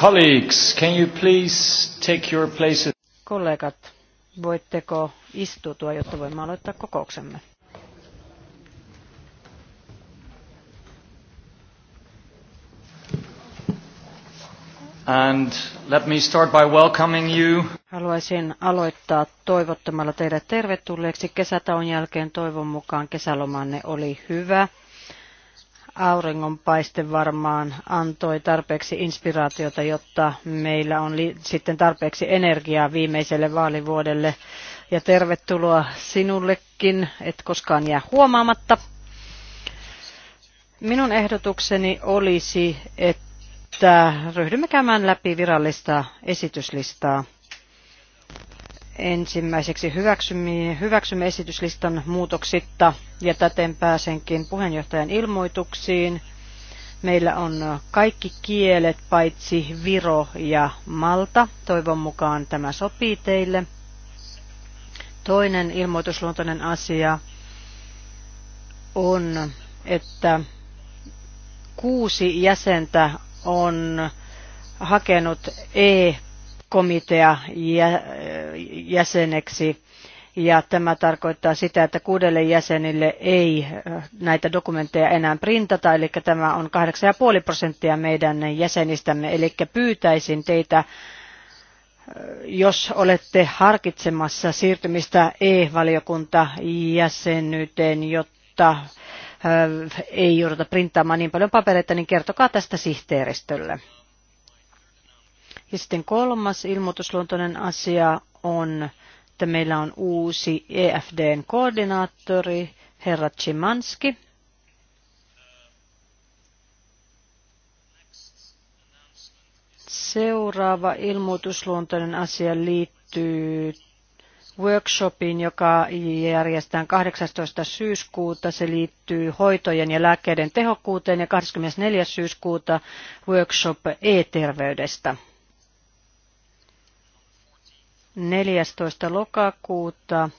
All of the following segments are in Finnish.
Colleagues, can you please take your places? Kollegat, voitteko istutua, jotta voimme aloittaa kokouksemme? And let me start by welcoming you. Haluaisin aloittaa toivottamalla teidät tervetulleeksi kesätaun jälkeen. Toivon mukaan kesälomanne oli hyvä auringonpaiste varmaan antoi tarpeeksi inspiraatiota, jotta meillä on sitten tarpeeksi energiaa viimeiselle vaalivuodelle. Ja tervetuloa sinullekin, et koskaan jää huomaamatta. Minun ehdotukseni olisi, että ryhdymme käymään läpi virallista esityslistaa. Ensimmäiseksi hyväksymme, hyväksymme esityslistan muutoksitta ja täten pääsenkin puheenjohtajan ilmoituksiin. Meillä on kaikki kielet paitsi Viro ja Malta. Toivon mukaan tämä sopii teille. Toinen ilmoitusluontoinen asia on, että kuusi jäsentä on hakenut e komitea jäseneksi. Ja tämä tarkoittaa sitä, että kuudelle jäsenille ei äh, näitä dokumentteja enää printata, eli tämä on 8,5 prosenttia meidän jäsenistämme. Eli pyytäisin teitä, äh, jos olette harkitsemassa siirtymistä e jäsenyyteen, jotta äh, ei jouduta printtaamaan niin paljon papereita, niin kertokaa tästä sihteeristölle. Ja sitten kolmas ilmoitusluontoinen asia on, että meillä on uusi EFDn koordinaattori, herra Chimanski. Seuraava ilmoitusluontoinen asia liittyy workshopiin, joka järjestetään 18. syyskuuta. Se liittyy hoitojen ja lääkkeiden tehokkuuteen ja 24. syyskuuta workshop e-terveydestä. 14. lokakuuta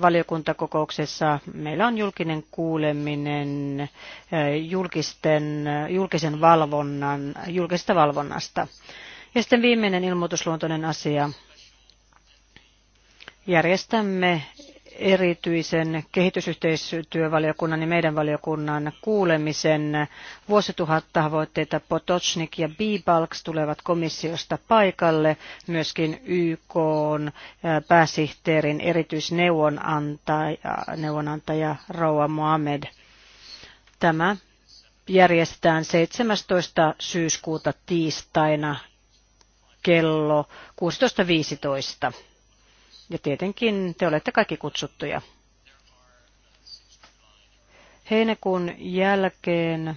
valiokuntakokouksessa meillä on julkinen kuuleminen eh, julkisten, julkisen valvonnan, julkisesta valvonnasta. Ja sitten viimeinen ilmoitusluontoinen asia. Järjestämme erityisen kehitysyhteistyövaliokunnan ja meidän valiokunnan kuulemisen. Vuosituhattavoitteita Potocnik ja Bibalks tulevat komissiosta paikalle, myöskin YK pääsihteerin erityisneuvonantaja neuvonantaja Rouva Mohamed. Tämä järjestetään 17. syyskuuta tiistaina kello 16.15. Ja tietenkin te olette kaikki kutsuttuja. Heinäkuun jälkeen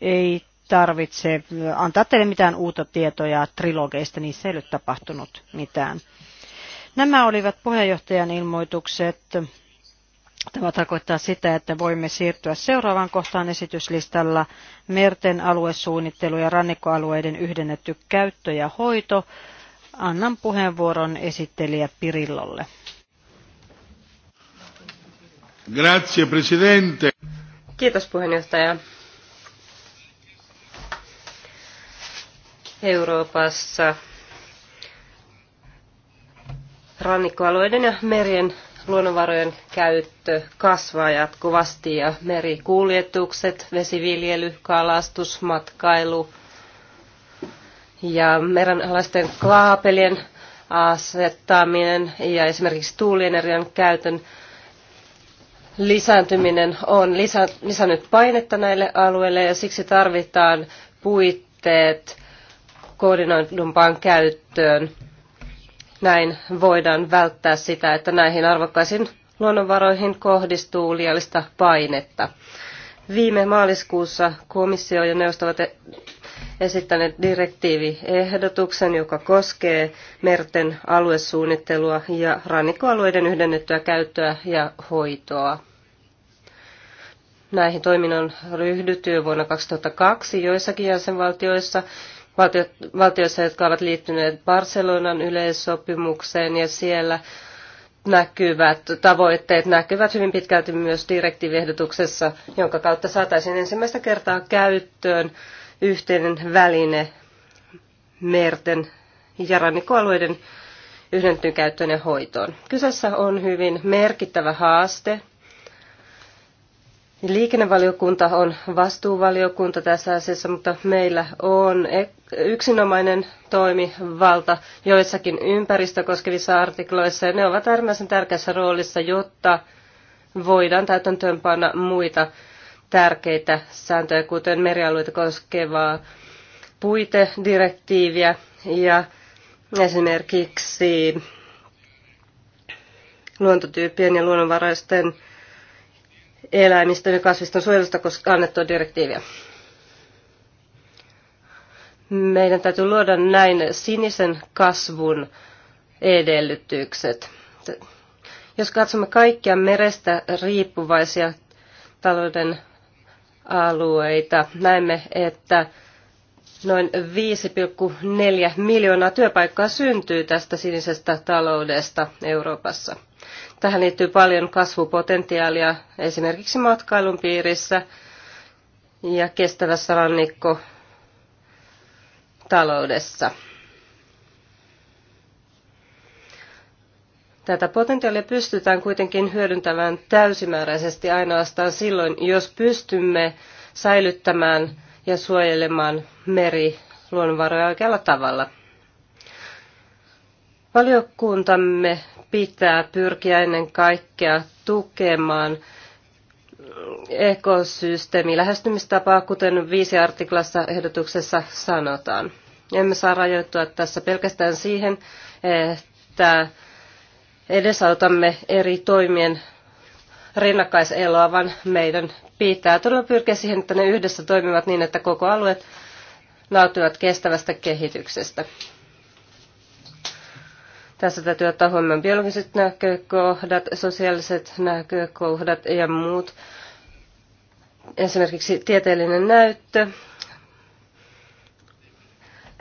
ei tarvitse antaa teille mitään uutta tietoja trilogeista, se ei ole tapahtunut mitään. Nämä olivat puheenjohtajan ilmoitukset. Tämä tarkoittaa sitä, että voimme siirtyä seuraavaan kohtaan esityslistalla merten aluesuunnittelu ja rannikkoalueiden yhdennetty käyttö ja hoito. Annan puheenvuoron esittelijä Pirillolle. Grazie, presidente. Kiitos puheenjohtaja. Euroopassa rannikkoalueiden ja merien luonnonvarojen käyttö kasvaa jatkuvasti ja merikuljetukset, vesiviljely, kalastus, matkailu, ja meränalaisten kaapelien asettaminen ja esimerkiksi tuulienergian käytön lisääntyminen on lisännyt painetta näille alueille ja siksi tarvitaan puitteet koordinoidumpaan käyttöön. Näin voidaan välttää sitä, että näihin arvokkaisiin luonnonvaroihin kohdistuu liiallista painetta. Viime maaliskuussa komissio ja neuvosto esittäneet direktiiviehdotuksen, joka koskee merten aluesuunnittelua ja rannikkoalueiden yhdennettyä käyttöä ja hoitoa. Näihin toiminnon ryhdytty jo vuonna 2002 joissakin jäsenvaltioissa, valtio, valtioissa, jotka ovat liittyneet Barcelonan yleissopimukseen ja siellä näkyvät tavoitteet näkyvät hyvin pitkälti myös direktiiviehdotuksessa, jonka kautta saataisiin ensimmäistä kertaa käyttöön yhteinen väline merten ja rannikkoalueiden yhdentyn käyttöön ja hoitoon. Kyseessä on hyvin merkittävä haaste. Liikennevaliokunta on vastuuvaliokunta tässä asiassa, mutta meillä on yksinomainen toimivalta joissakin ympäristö koskevissa artikloissa, ja ne ovat äärimmäisen tärkeässä roolissa, jotta voidaan täytäntöönpanna muita tärkeitä sääntöjä, kuten merialueita koskevaa puitedirektiiviä ja esimerkiksi luontotyyppien ja luonnonvaraisten eläimistön ja kasviston suojelusta annettua direktiiviä. Meidän täytyy luoda näin sinisen kasvun edellytykset. Jos katsomme kaikkia merestä riippuvaisia talouden alueita. Näemme, että noin 5,4 miljoonaa työpaikkaa syntyy tästä sinisestä taloudesta Euroopassa. Tähän liittyy paljon kasvupotentiaalia esimerkiksi matkailun piirissä ja kestävässä rannikko taloudessa. Tätä potentiaalia pystytään kuitenkin hyödyntämään täysimääräisesti ainoastaan silloin, jos pystymme säilyttämään ja suojelemaan meri luonnonvaroja oikealla tavalla. Valiokuntamme pitää pyrkiä ennen kaikkea tukemaan ekosysteemi lähestymistapaa, kuten viisi artiklassa ehdotuksessa sanotaan. Emme saa rajoittua tässä pelkästään siihen, että edesautamme eri toimien rinnakkaiseloa, vaan meidän pitää todella pyrkiä siihen, että ne yhdessä toimivat niin, että koko alueet nauttivat kestävästä kehityksestä. Tässä täytyy ottaa huomioon biologiset näkökohdat, sosiaaliset näkökohdat ja muut. Esimerkiksi tieteellinen näyttö,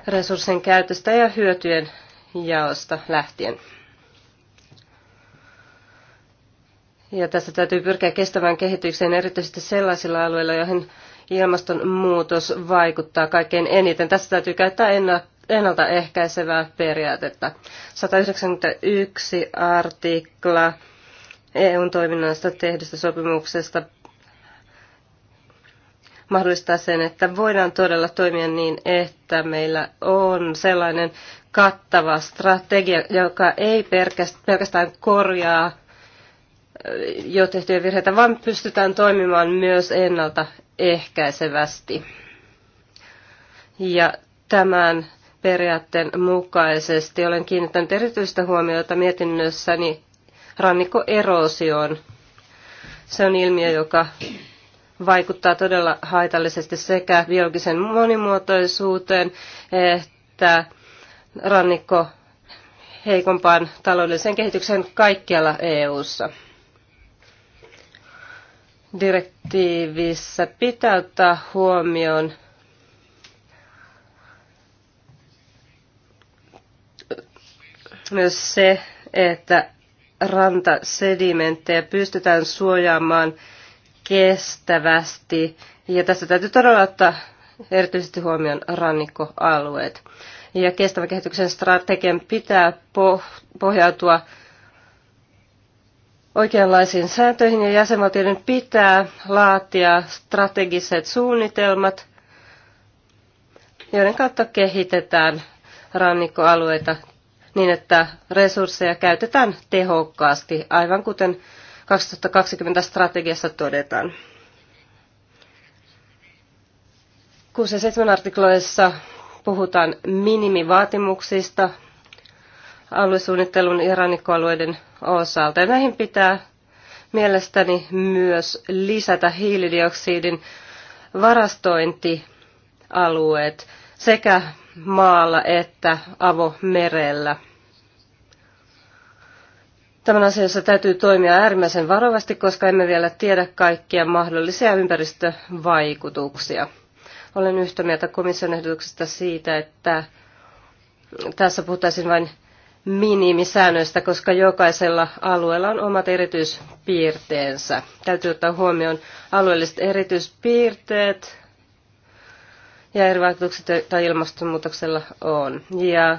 resurssien käytöstä ja hyötyjen jaosta lähtien. Ja tässä täytyy pyrkiä kestävään kehitykseen erityisesti sellaisilla alueilla, joihin ilmastonmuutos vaikuttaa kaikkein eniten. Tässä täytyy käyttää ennaltaehkäisevää periaatetta. 191 artikla EUn toiminnasta tehdystä sopimuksesta mahdollistaa sen, että voidaan todella toimia niin, että meillä on sellainen kattava strategia, joka ei pelkästään korjaa jo tehtyjä virheitä, vaan pystytään toimimaan myös ennaltaehkäisevästi. Ja tämän periaatteen mukaisesti olen kiinnittänyt erityistä huomiota mietinnössäni rannikkoerosioon. Se on ilmiö, joka vaikuttaa todella haitallisesti sekä biologisen monimuotoisuuteen että rannikko heikompaan taloudelliseen kehitykseen kaikkialla EU:ssa. ssa direktiivissä pitää ottaa huomioon myös se, että rantasedimenttejä pystytään suojaamaan kestävästi. Ja tässä täytyy todella ottaa erityisesti huomioon rannikkoalueet. Ja kestävän kehityksen strategian pitää pohjautua oikeanlaisiin sääntöihin ja jäsenvaltioiden pitää laatia strategiset suunnitelmat, joiden kautta kehitetään rannikkoalueita niin, että resursseja käytetään tehokkaasti, aivan kuten 2020 strategiassa todetaan. 6 ja 7 artikloissa puhutaan minimivaatimuksista aluesuunnittelun ja rannikkoalueiden osalta. Ja näihin pitää mielestäni myös lisätä hiilidioksidin varastointialueet sekä maalla että avomerellä. Tämän asiassa täytyy toimia äärimmäisen varovasti, koska emme vielä tiedä kaikkia mahdollisia ympäristövaikutuksia. Olen yhtä mieltä komission ehdotuksesta siitä, että tässä puhuttaisiin vain minimisäännöistä, koska jokaisella alueella on omat erityispiirteensä. Täytyy ottaa huomioon alueelliset erityispiirteet ja eri vaikutukset, joita ilmastonmuutoksella on. Ja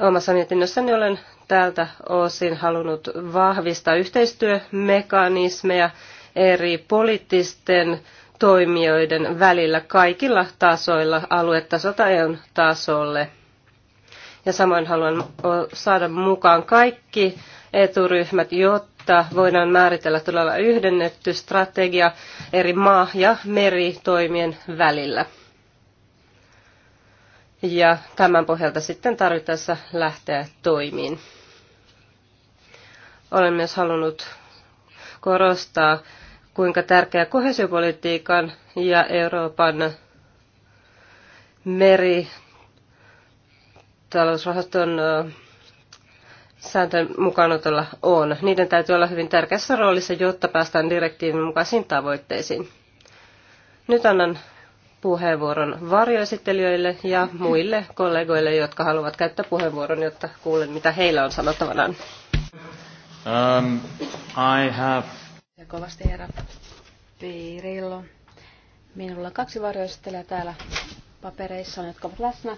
omassa mietinnössäni olen tältä osin halunnut vahvistaa yhteistyömekanismeja eri poliittisten toimijoiden välillä kaikilla tasoilla, aluetasolta eu tasolle – ja samoin haluan saada mukaan kaikki eturyhmät, jotta voidaan määritellä todella yhdennetty strategia eri maa- ja meritoimien välillä. Ja tämän pohjalta sitten tarvittaessa lähteä toimiin. Olen myös halunnut korostaa, kuinka tärkeä kohesiopolitiikan ja Euroopan meri- talousrahaston sääntöjen mukanotolla on. Niiden täytyy olla hyvin tärkeässä roolissa, jotta päästään direktiivin mukaisiin tavoitteisiin. Nyt annan puheenvuoron varjoesittelijöille ja muille kollegoille, jotka haluavat käyttää puheenvuoron, jotta kuulen, mitä heillä on sanottavanaan. Um, I have... Ja kovasti herra Piirillo. Minulla on kaksi varjoesittelijää täällä papereissa, jotka ovat läsnä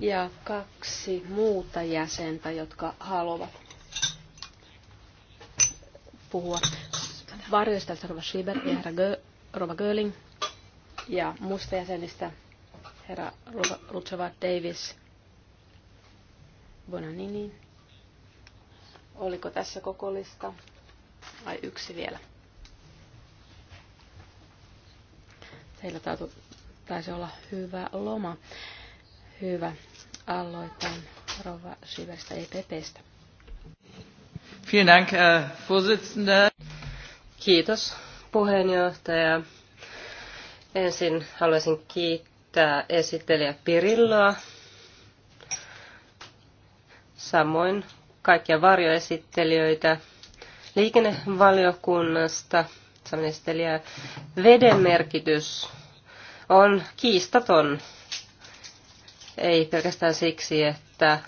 ja kaksi muuta jäsentä, jotka haluavat puhua. Varjoista Rova Schieber ja herra Gö, Rova Göling ja muista jäsenistä herra Rutsova Davis. Bonanini. Oliko tässä koko lista? Ai yksi vielä. Teillä taisi olla hyvä loma. Hyvä. Aloitan Rova Syvästä EPPstä. Vielen Dank, Kiitos, puheenjohtaja. Ensin haluaisin kiittää esittelijä Pirilloa, samoin kaikkia varjoesittelijöitä liikennevaliokunnasta. Samoin esittelijä veden merkitys on kiistaton ei pelkästään siksi, että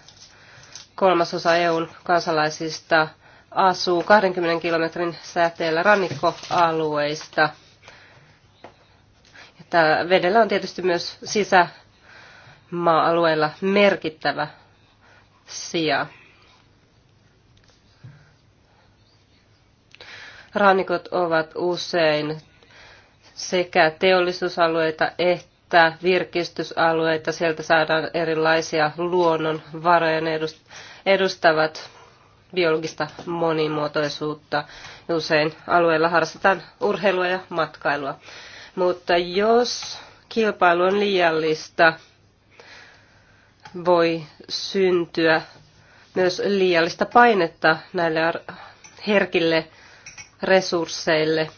kolmasosa EUn kansalaisista asuu 20 kilometrin säteellä rannikkoalueista. Että vedellä on tietysti myös sisämaa-alueella merkittävä sija. Rannikot ovat usein sekä teollisuusalueita että kehittää virkistysalueita. Sieltä saadaan erilaisia luonnonvaroja. Ne edustavat biologista monimuotoisuutta. Usein alueella harrastetaan urheilua ja matkailua. Mutta jos kilpailu on liiallista, voi syntyä myös liiallista painetta näille herkille resursseille.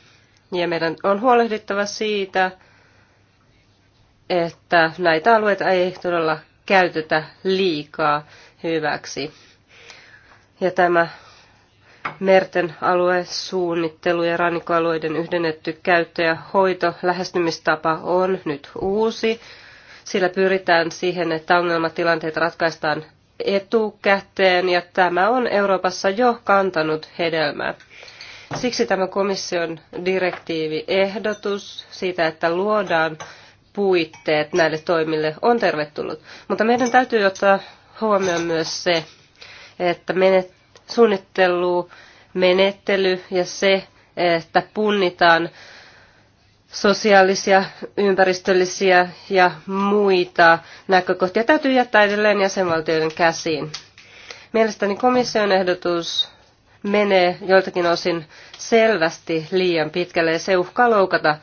Ja meidän on huolehdittava siitä, että näitä alueita ei todella käytetä liikaa hyväksi. Ja tämä merten aluesuunnittelu ja rannikkoalueiden yhdennetty käyttö ja hoito lähestymistapa on nyt uusi. Sillä pyritään siihen, että ongelmatilanteet ratkaistaan etukäteen ja tämä on Euroopassa jo kantanut hedelmää. Siksi tämä komission direktiivi ehdotus siitä, että luodaan puitteet näille toimille on tervetullut. Mutta meidän täytyy ottaa huomioon myös se, että menet, suunnittelu, menettely ja se, että punnitaan sosiaalisia, ympäristöllisiä ja muita näkökohtia täytyy jättää edelleen jäsenvaltioiden käsiin. Mielestäni komission ehdotus menee joiltakin osin selvästi liian pitkälle ja se uhkaa loukata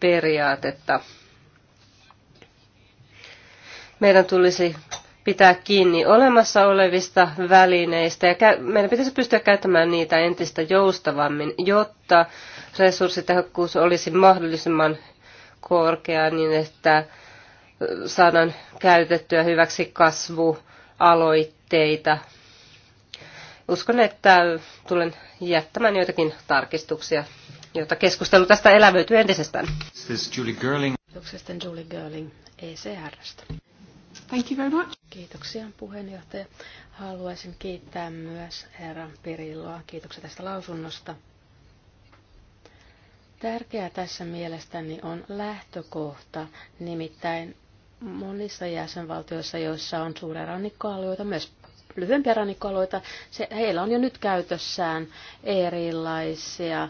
periaatetta. Meidän tulisi pitää kiinni olemassa olevista välineistä ja meidän pitäisi pystyä käyttämään niitä entistä joustavammin, jotta resurssitehokkuus olisi mahdollisimman korkea niin, että saadaan käytettyä hyväksi kasvualoitteita. Uskon, että tulen jättämään joitakin tarkistuksia jotta keskustelu tästä elävöityy entisestään. This Julie Girling. Julie Girling ECRstä. Thank you very much. Kiitoksia puheenjohtaja. Haluaisin kiittää myös herra Pirilloa. Kiitoksia tästä lausunnosta. Tärkeää tässä mielestäni on lähtökohta, nimittäin monissa jäsenvaltioissa, joissa on suuria rannikkoalueita, myös lyhyempiä rannikkoalueita, se, heillä on jo nyt käytössään erilaisia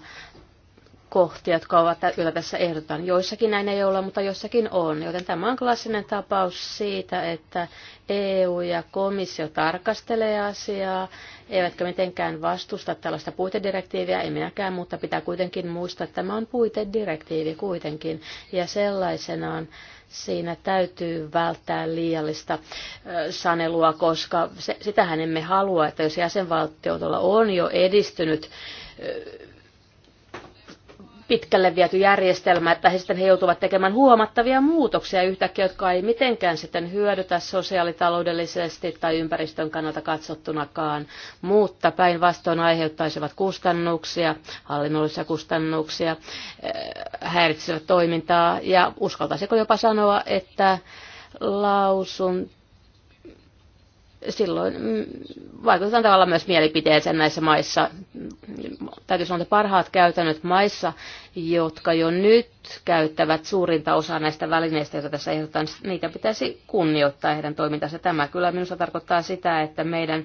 kohtia, jotka ovat, joita tässä ehdotan. Joissakin näin ei ole, mutta joissakin on. Joten tämä on klassinen tapaus siitä, että EU ja komissio tarkastelee asiaa, eivätkä mitenkään vastusta tällaista puitedirektiiviä, ei minäkään, mutta pitää kuitenkin muistaa, että tämä on puitedirektiivi kuitenkin, ja sellaisenaan siinä täytyy välttää liiallista sanelua, koska se, sitähän emme halua, että jos jäsenvaltiotolla on jo edistynyt pitkälle viety järjestelmä, että he sitten he joutuvat tekemään huomattavia muutoksia yhtäkkiä, jotka ei mitenkään sitten hyödytä sosiaalitaloudellisesti tai ympäristön kannalta katsottunakaan, mutta päinvastoin aiheuttaisivat kustannuksia, hallinnollisia kustannuksia, eh, häiritsevät toimintaa ja uskaltaisiko jopa sanoa, että lausun silloin mm, vaikutetaan tavallaan myös mielipiteeseen näissä maissa. Täytyy sanoa, että parhaat käytännöt maissa, jotka jo nyt käyttävät suurinta osaa näistä välineistä, joita tässä ehdotetaan, niitä pitäisi kunnioittaa heidän toimintansa. Tämä kyllä minusta tarkoittaa sitä, että meidän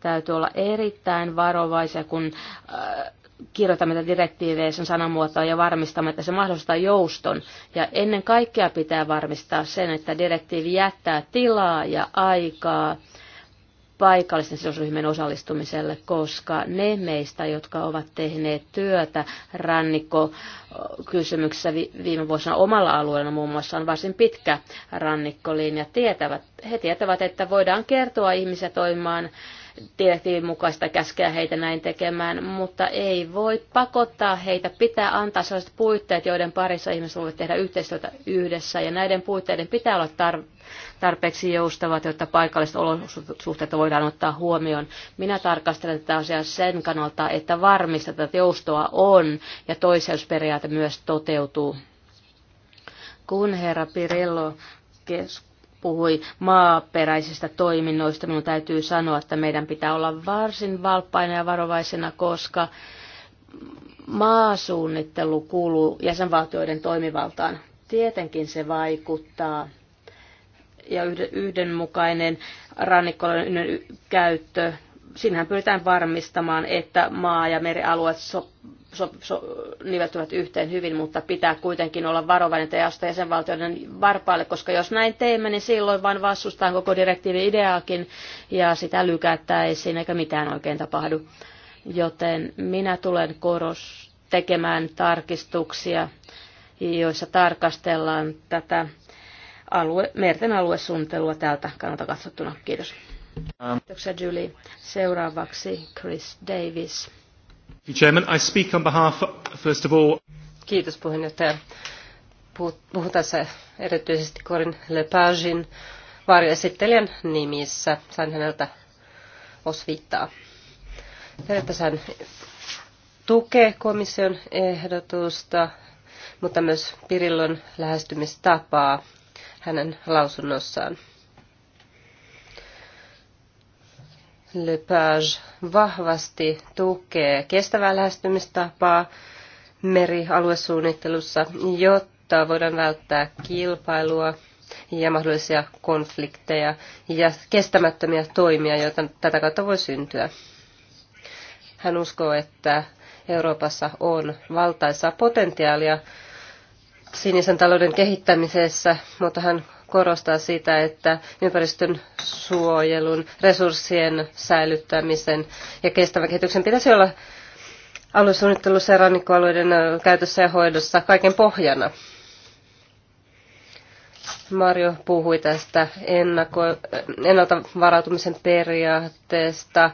täytyy olla erittäin varovaisia, kun äh, kirjoitamme tätä direktiivejä sen sanamuotoa ja varmistamme, että se mahdollistaa jouston. Ja ennen kaikkea pitää varmistaa sen, että direktiivi jättää tilaa ja aikaa paikallisten sidosryhmien osallistumiselle, koska ne meistä, jotka ovat tehneet työtä rannikkokysymyksessä viime vuosina omalla alueella muun muassa on varsin pitkä rannikkolinja, tietävät, he tietävät, että voidaan kertoa ihmisiä toimimaan direktiivin mukaista käskeä heitä näin tekemään, mutta ei voi pakottaa heitä. Pitää antaa sellaiset puitteet, joiden parissa ihmiset voivat tehdä yhteistyötä yhdessä, ja näiden puitteiden pitää olla tar- tarpeeksi joustavat, jotta paikalliset olosuhteet voidaan ottaa huomioon. Minä tarkastelen tätä asiaa sen kannalta, että varmistetaan, että joustoa on, ja toiseusperiaate myös toteutuu. Kun herra Pirello kes- puhui maaperäisistä toiminnoista. Minun täytyy sanoa, että meidän pitää olla varsin valppaina ja varovaisena, koska maasuunnittelu kuuluu jäsenvaltioiden toimivaltaan. Tietenkin se vaikuttaa ja yhdenmukainen rannikkolainen käyttö. Siinähän pyritään varmistamaan, että maa- ja merialueet so- so, so, niveltyvät yhteen hyvin, mutta pitää kuitenkin olla varovainen, ja jasta jäsenvaltioiden varpaille, koska jos näin teemme, niin silloin vain vastustaan koko direktiivin ideaakin ja sitä lykättäisiin eikä mitään oikein tapahdu. Joten minä tulen koros tekemään tarkistuksia, joissa tarkastellaan tätä alue, merten aluesuunnittelua täältä kannalta katsottuna. Kiitos. Ähm. Kiitoksia Julie. Seuraavaksi Chris Davis. Chairman, I speak on behalf, first of all... Kiitos puheenjohtaja. Puhun tässä erityisesti Corin Lepagin varjoesittelijän nimissä. Sain häneltä osviittaa. Periaatteessa hän tukee komission ehdotusta, mutta myös Pirillon lähestymistapaa hänen lausunnossaan. Lepage vahvasti tukee kestävää lähestymistapaa merialuesuunnittelussa, jotta voidaan välttää kilpailua ja mahdollisia konflikteja ja kestämättömiä toimia, joita tätä kautta voi syntyä. Hän uskoo, että Euroopassa on valtaisaa potentiaalia sinisen talouden kehittämisessä, mutta hän korostaa sitä, että ympäristön suojelun, resurssien säilyttämisen ja kestävän kehityksen pitäisi olla aluesuunnittelussa ja rannikkoalueiden käytössä ja hoidossa kaiken pohjana. Mario puhui tästä ennako- ennalta varautumisen periaatteesta.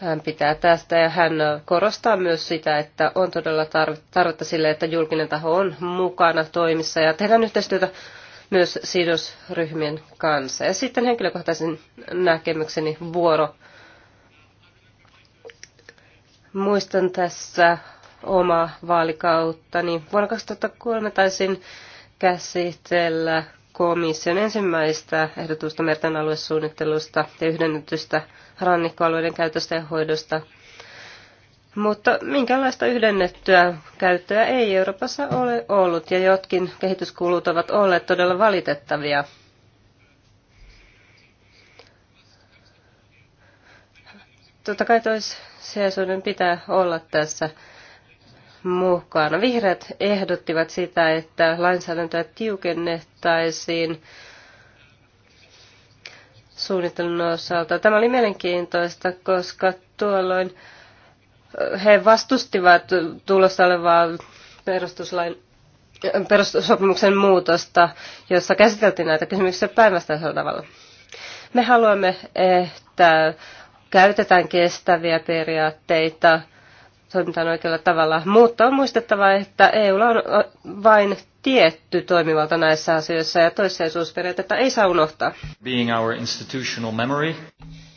Hän pitää tästä ja hän korostaa myös sitä, että on todella tarvetta sille, että julkinen taho on mukana toimissa ja tehdään yhteistyötä myös sidosryhmien kanssa. Ja sitten henkilökohtaisen näkemykseni vuoro. Muistan tässä omaa vaalikauttani. Vuonna 2003 taisin käsitellä komission ensimmäistä ehdotusta merten aluesuunnittelusta ja yhdennetystä rannikkoalueiden käytöstä ja hoidosta – mutta minkälaista yhdennettyä käyttöä ei Euroopassa ole ollut, ja jotkin kehityskulut ovat olleet todella valitettavia. Totta kai toissijaisuuden pitää olla tässä mukana. Vihreät ehdottivat sitä, että lainsäädäntöä tiukennettaisiin suunnittelun osalta. Tämä oli mielenkiintoista, koska tuolloin he vastustivat tulossa olevaa perustuslain perussopimuksen muutosta, jossa käsiteltiin näitä kysymyksiä päinvastaisella tavalla. Me haluamme, että käytetään kestäviä periaatteita, toimitaan oikealla tavalla, mutta on muistettava, että EUlla on vain tietty toimivalta näissä asioissa ja toissijaisuusperiaatetta ei saa unohtaa. Being our institutional memory.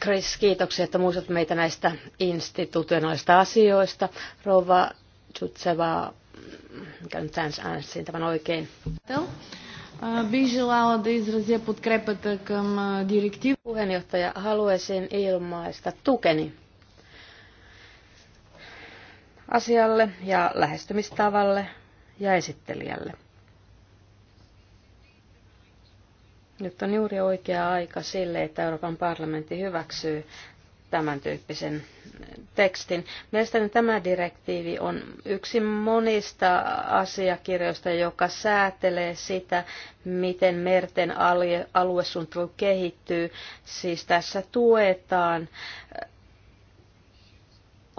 Chris, kiitoksia, että muistat meitä näistä institutionaalista asioista. Rova Tsutseva, mikä nyt äänestin tämän oikein. Uh, uh, Puheenjohtaja, haluaisin ilmaista tukeni asialle ja lähestymistavalle ja esittelijälle. Nyt on juuri oikea aika sille, että Euroopan parlamentti hyväksyy tämän tyyppisen tekstin. Mielestäni tämä direktiivi on yksi monista asiakirjoista, joka säätelee sitä, miten merten aluesuunnittelu kehittyy. Siis tässä tuetaan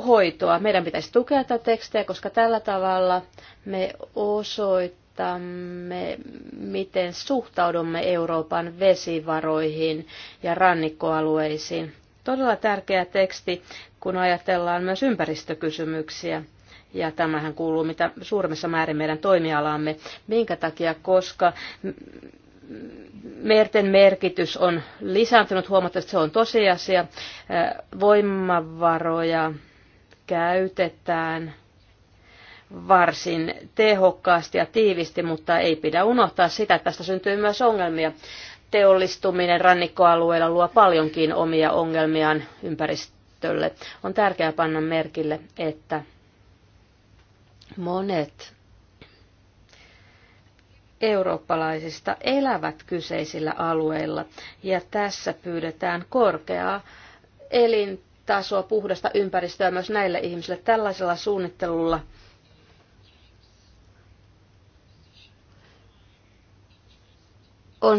hoitoa. Meidän pitäisi tukea tätä tekstiä, koska tällä tavalla me osoitamme, osoitamme, miten suhtaudumme Euroopan vesivaroihin ja rannikkoalueisiin. Todella tärkeä teksti, kun ajatellaan myös ympäristökysymyksiä. Ja tämähän kuuluu mitä suurimmassa määrin meidän toimialaamme. Minkä takia? Koska merten merkitys on lisääntynyt huomattavasti, se on tosiasia. Voimavaroja käytetään varsin tehokkaasti ja tiivisti, mutta ei pidä unohtaa sitä, että tästä syntyy myös ongelmia. Teollistuminen rannikkoalueilla luo paljonkin omia ongelmiaan ympäristölle. On tärkeää panna merkille, että monet eurooppalaisista elävät kyseisillä alueilla, ja tässä pyydetään korkeaa elintasoa, puhdasta ympäristöä myös näille ihmisille. Tällaisella suunnittelulla on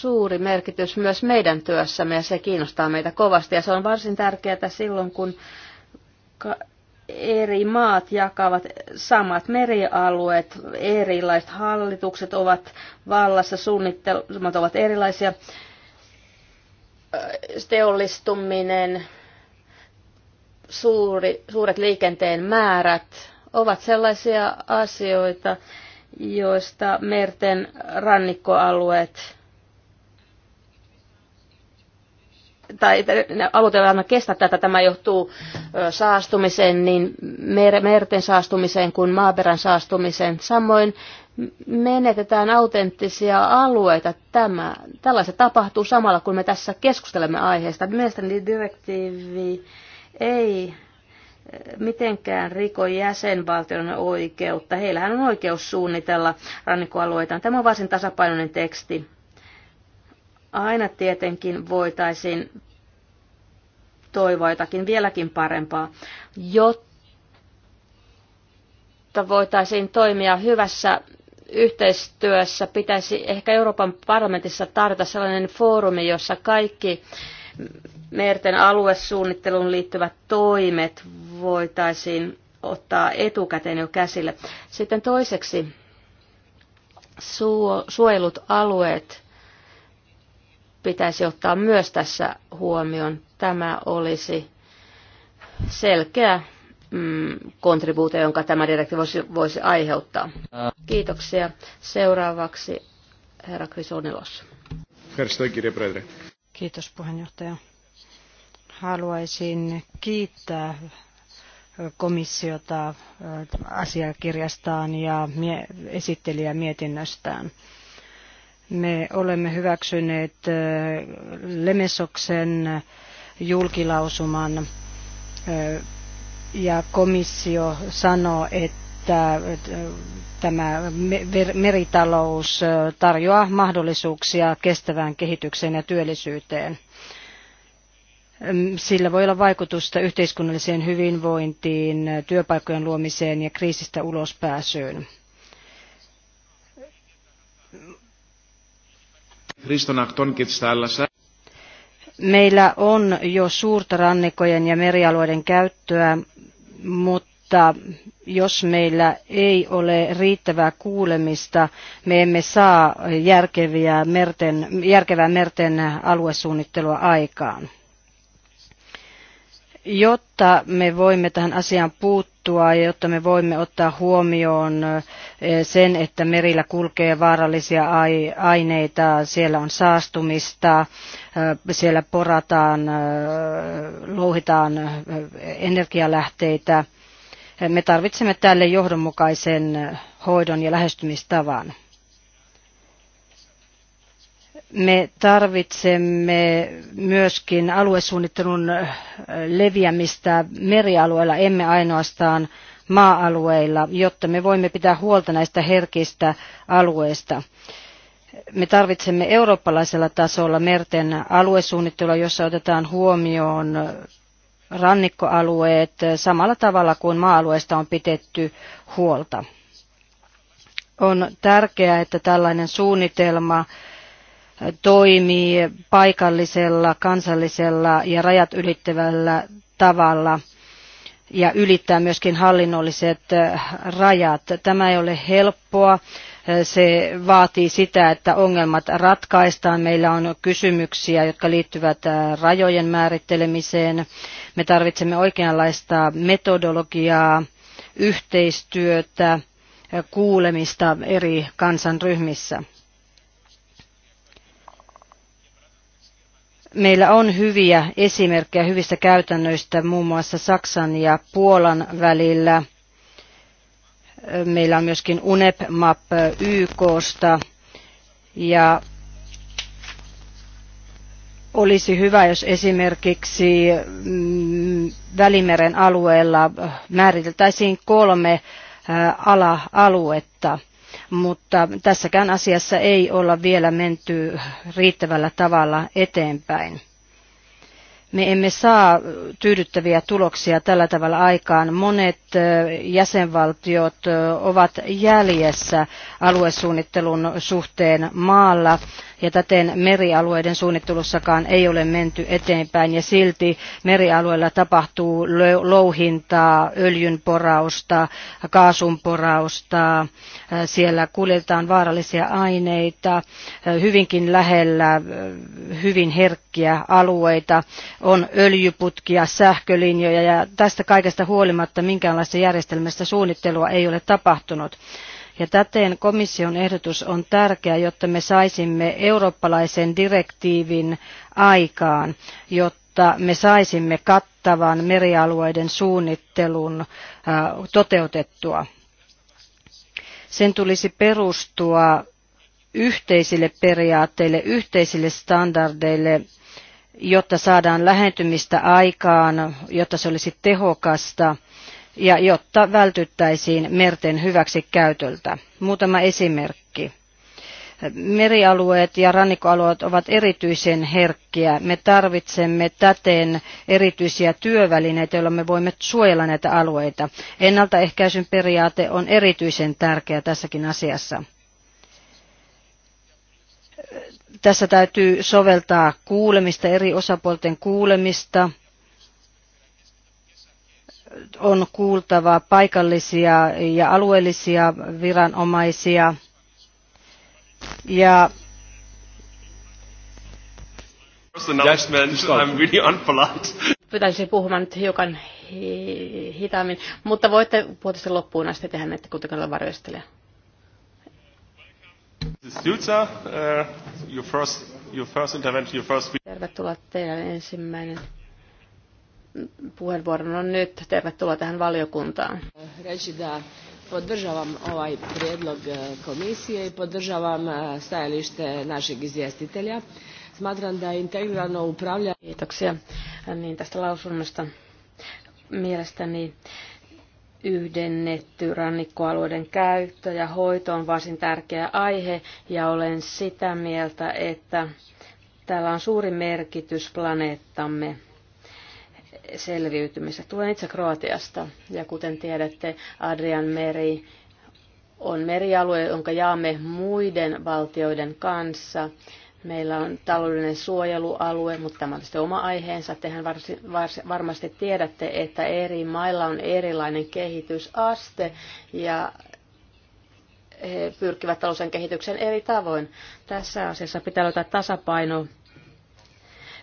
suuri merkitys myös meidän työssämme ja se kiinnostaa meitä kovasti. Ja se on varsin tärkeää silloin, kun eri maat jakavat samat merialueet, erilaiset hallitukset ovat vallassa, suunnittelut ovat erilaisia, teollistuminen, suuri, suuret liikenteen määrät ovat sellaisia asioita, joista merten rannikkoalueet tai alueet eivät kestä tätä, tämä johtuu saastumiseen, niin merten saastumiseen kuin maaperän saastumiseen. Samoin menetetään autenttisia alueita. Tämä, tällaiset tapahtuu samalla, kun me tässä keskustelemme aiheesta. Mielestäni direktiivi ei mitenkään riko jäsenvaltion oikeutta. Heillähän on oikeus suunnitella rannikkoalueitaan. Tämä on varsin tasapainoinen teksti. Aina tietenkin voitaisiin toivoa jotakin vieläkin parempaa, jotta voitaisiin toimia hyvässä yhteistyössä. Pitäisi ehkä Euroopan parlamentissa tarjota sellainen foorumi, jossa kaikki merten aluesuunnitteluun liittyvät toimet voitaisiin ottaa etukäteen jo käsille. Sitten toiseksi suojelut alueet pitäisi ottaa myös tässä huomioon. Tämä olisi selkeä mm, kontribuutio, jonka tämä direktiivi voisi, voisi aiheuttaa. Kiitoksia. Seuraavaksi herra Krisonilos. Kiitos, Kiitos puheenjohtaja. Haluaisin kiittää komissiota äh, asiakirjastaan ja esittelijä mietinnöstään. Me olemme hyväksyneet äh, Lemesoksen julkilausuman äh, ja komissio sanoo, että tämä meritalous tarjoaa mahdollisuuksia kestävään kehitykseen ja työllisyyteen. Sillä voi olla vaikutusta yhteiskunnalliseen hyvinvointiin, työpaikkojen luomiseen ja kriisistä ulospääsyyn. Χρήστον meillä on jo suurta rannikkojen ja merialueiden käyttöä, mutta mutta jos meillä ei ole riittävää kuulemista, me emme saa järkeviä merten, järkevää merten aluesuunnittelua aikaan. Jotta me voimme tähän asiaan puuttua ja jotta me voimme ottaa huomioon eh, sen, että merillä kulkee vaarallisia aineita, siellä on saastumista, eh, siellä porataan, eh, louhitaan energialähteitä – me tarvitsemme tälle johdonmukaisen hoidon ja lähestymistavan. Me tarvitsemme myöskin aluesuunnittelun leviämistä merialueilla, emme ainoastaan maa-alueilla, jotta me voimme pitää huolta näistä herkistä alueista. Me tarvitsemme eurooppalaisella tasolla merten aluesuunnittelua, jossa otetaan huomioon rannikkoalueet samalla tavalla kuin maa-alueista on pitetty huolta. On tärkeää, että tällainen suunnitelma toimii paikallisella, kansallisella ja rajat ylittävällä tavalla ja ylittää myöskin hallinnolliset rajat. Tämä ei ole helppoa. Se vaatii sitä, että ongelmat ratkaistaan. Meillä on kysymyksiä, jotka liittyvät rajojen määrittelemiseen me tarvitsemme oikeanlaista metodologiaa, yhteistyötä, kuulemista eri kansanryhmissä. Meillä on hyviä esimerkkejä hyvistä käytännöistä muun muassa Saksan ja Puolan välillä. Meillä on myöskin UNEP-MAP YKsta ja olisi hyvä, jos esimerkiksi mm, Välimeren alueella äh, määriteltäisiin kolme äh, ala-aluetta, mutta tässäkään asiassa ei olla vielä menty riittävällä tavalla eteenpäin. Me emme saa tyydyttäviä tuloksia tällä tavalla aikaan. Monet äh, jäsenvaltiot ovat jäljessä aluesuunnittelun suhteen maalla ja täten merialueiden suunnittelussakaan ei ole menty eteenpäin ja silti merialueella tapahtuu louhintaa, öljynporausta, kaasunporausta, äh, siellä kuljetaan vaarallisia aineita, äh, hyvinkin lähellä äh, hyvin herkkiä alueita, on öljyputkia, sähkölinjoja ja tästä kaikesta huolimatta minkäänlaista järjestelmästä suunnittelua ei ole tapahtunut. Ja täten komission ehdotus on tärkeä, jotta me saisimme eurooppalaisen direktiivin aikaan, jotta me saisimme kattavan merialueiden suunnittelun äh, toteutettua. Sen tulisi perustua yhteisille periaatteille, yhteisille standardeille, jotta saadaan lähentymistä aikaan, jotta se olisi tehokasta ja jotta vältyttäisiin merten hyväksikäytöltä. Muutama esimerkki. Merialueet ja rannikkoalueet ovat erityisen herkkiä. Me tarvitsemme täten erityisiä työvälineitä, joilla me voimme suojella näitä alueita. Ennaltaehkäisyn periaate on erityisen tärkeä tässäkin asiassa tässä täytyy soveltaa kuulemista, eri osapuolten kuulemista on kuultava paikallisia ja alueellisia viranomaisia ja Pyytäisin puhumaan nyt hiukan hitaammin, mutta voitte puhua sen loppuun asti tehdä näitä kuitenkaan varjoistelija. Uh, Tervetuloa teidän ensimmäinen puheenvuoron on nyt. Tervetuloa tähän valiokuntaan. Podržavam ovaj prijedlog e, komisije i podržavam e, stajalište našeg izvjestitelja. Smatram da je integrirano upravljanje... Kiitoksia niin tästä lausunnosta. Mielestäni yhdennetty rannikkoalueiden käyttö ja hoito on varsin tärkeä aihe ja olen sitä mieltä, että täällä on suuri merkitys planeettamme selviytymistä. Tulen itse Kroatiasta ja kuten tiedätte, Adrian meri on merialue, jonka jaamme muiden valtioiden kanssa. Meillä on taloudellinen suojelualue, mutta tämä on sitten oma aiheensa. Tehän varsi, varsi, varmasti tiedätte, että eri mailla on erilainen kehitysaste ja he pyrkivät talousen kehityksen eri tavoin. Tässä asiassa pitää löytää tasapaino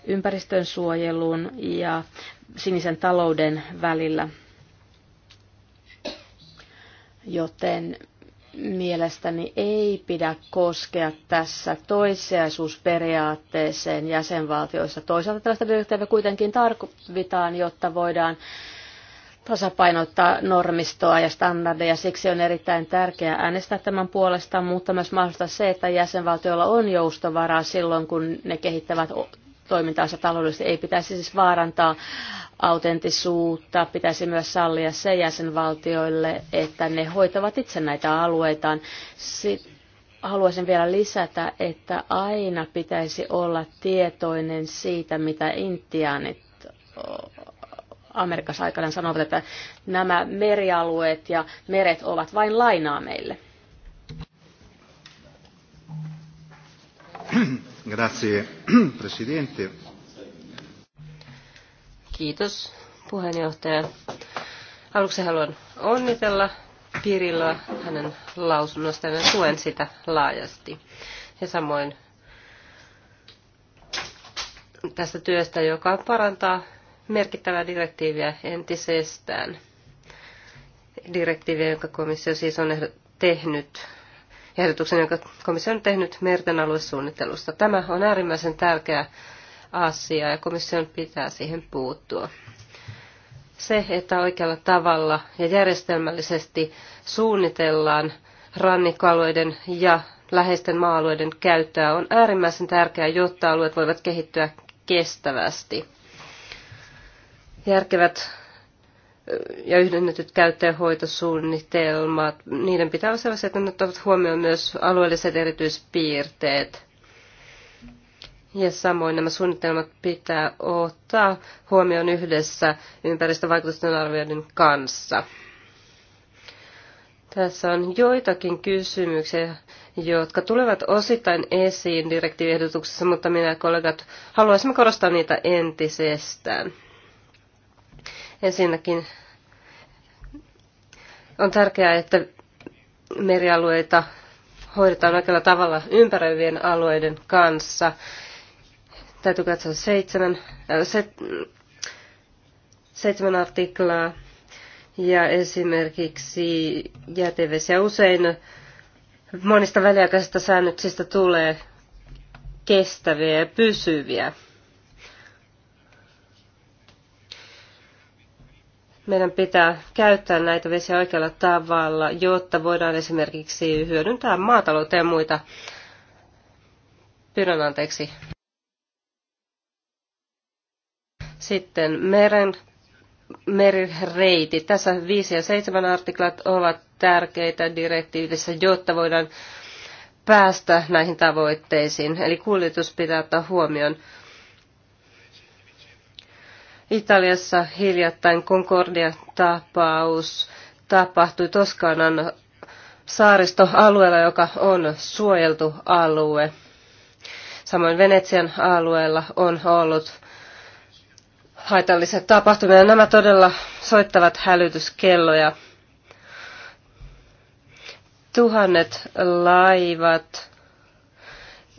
ympäristön ja sinisen talouden välillä. Joten mielestäni ei pidä koskea tässä toissijaisuusperiaatteeseen jäsenvaltioissa. Toisaalta tällaista direktiiviä kuitenkin tarvitaan, jotta voidaan tasapainottaa normistoa ja standardeja. Siksi on erittäin tärkeää äänestää tämän puolesta, mutta myös mahdollista se, että jäsenvaltioilla on joustovaraa silloin, kun ne kehittävät toimintaansa taloudellisesti. Ei pitäisi siis vaarantaa autenttisuutta, pitäisi myös sallia se jäsenvaltioille, että ne hoitavat itse näitä alueitaan. haluaisin vielä lisätä, että aina pitäisi olla tietoinen siitä, mitä intiaanit Amerikassa aikanaan sanovat, että nämä merialueet ja meret ovat vain lainaa meille. Grazie, presidente. Kiitos, puheenjohtaja. Aluksi haluan onnitella Pirilla hänen lausunnostaan ja tuen sitä laajasti. Ja samoin tästä työstä, joka parantaa merkittävää direktiiviä entisestään. Direktiiviä, jonka komissio siis on tehnyt ehdotuksen, jonka komissio on tehnyt merten aluesuunnittelusta. Tämä on äärimmäisen tärkeä asia ja komission pitää siihen puuttua. Se, että oikealla tavalla ja järjestelmällisesti suunnitellaan rannikkoalueiden ja läheisten maa-alueiden käyttöä on äärimmäisen tärkeää, jotta alueet voivat kehittyä kestävästi. Järkevät ja yhdennetyt käyttäjähoitosuunnitelmat, niiden pitää olla sellaisia, että ne ottavat huomioon myös alueelliset erityispiirteet. Ja samoin nämä suunnitelmat pitää ottaa huomioon yhdessä ympäristövaikutusten arvioiden kanssa. Tässä on joitakin kysymyksiä, jotka tulevat osittain esiin direktiiviehdotuksessa, mutta minä kollegat haluaisimme korostaa niitä entisestään. Ensinnäkin on tärkeää, että merialueita hoidetaan oikealla tavalla ympäröivien alueiden kanssa. Täytyy katsoa seitsemän, äh, seitsemän artiklaa ja esimerkiksi jätevesiä. Usein monista väliaikaisista säännöksistä tulee kestäviä ja pysyviä. meidän pitää käyttää näitä vesiä oikealla tavalla, jotta voidaan esimerkiksi hyödyntää maataloutta ja muita. Pyydän anteeksi. Sitten meren, merireiti. Tässä 5 ja 7 artiklat ovat tärkeitä direktiivissä, jotta voidaan päästä näihin tavoitteisiin. Eli kuljetus pitää ottaa huomioon. Italiassa hiljattain Concordia-tapaus tapahtui Toskanan saaristoalueella, joka on suojeltu alue. Samoin Venetsian alueella on ollut haitallisia tapahtumia. Ja nämä todella soittavat hälytyskelloja. Tuhannet laivat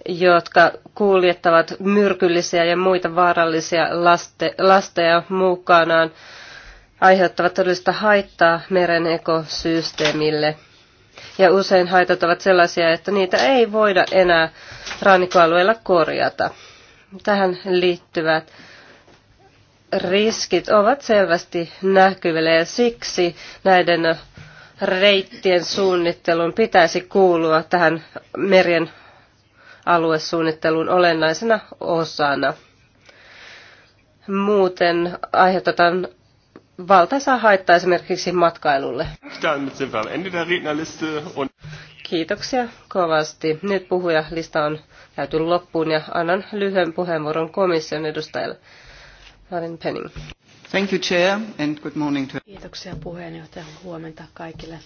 jotka kuljettavat myrkyllisiä ja muita vaarallisia laste, lasteja mukanaan, aiheuttavat todellista haittaa meren ekosysteemille. Ja usein haitat ovat sellaisia, että niitä ei voida enää rannikkoalueella korjata. Tähän liittyvät riskit ovat selvästi näkyvillä ja siksi näiden reittien suunnittelun pitäisi kuulua tähän merien aluesuunnittelun olennaisena osana. Muuten aiheutetaan valtaisaa haittaa esimerkiksi matkailulle. Kiitoksia kovasti. Nyt puhujalista on käyty loppuun ja annan lyhyen puheenvuoron komission edustajalle. Marin Penning. Thank you, Chair, and good morning to... Kiitoksia puheenjohtaja. Huomenta kaikille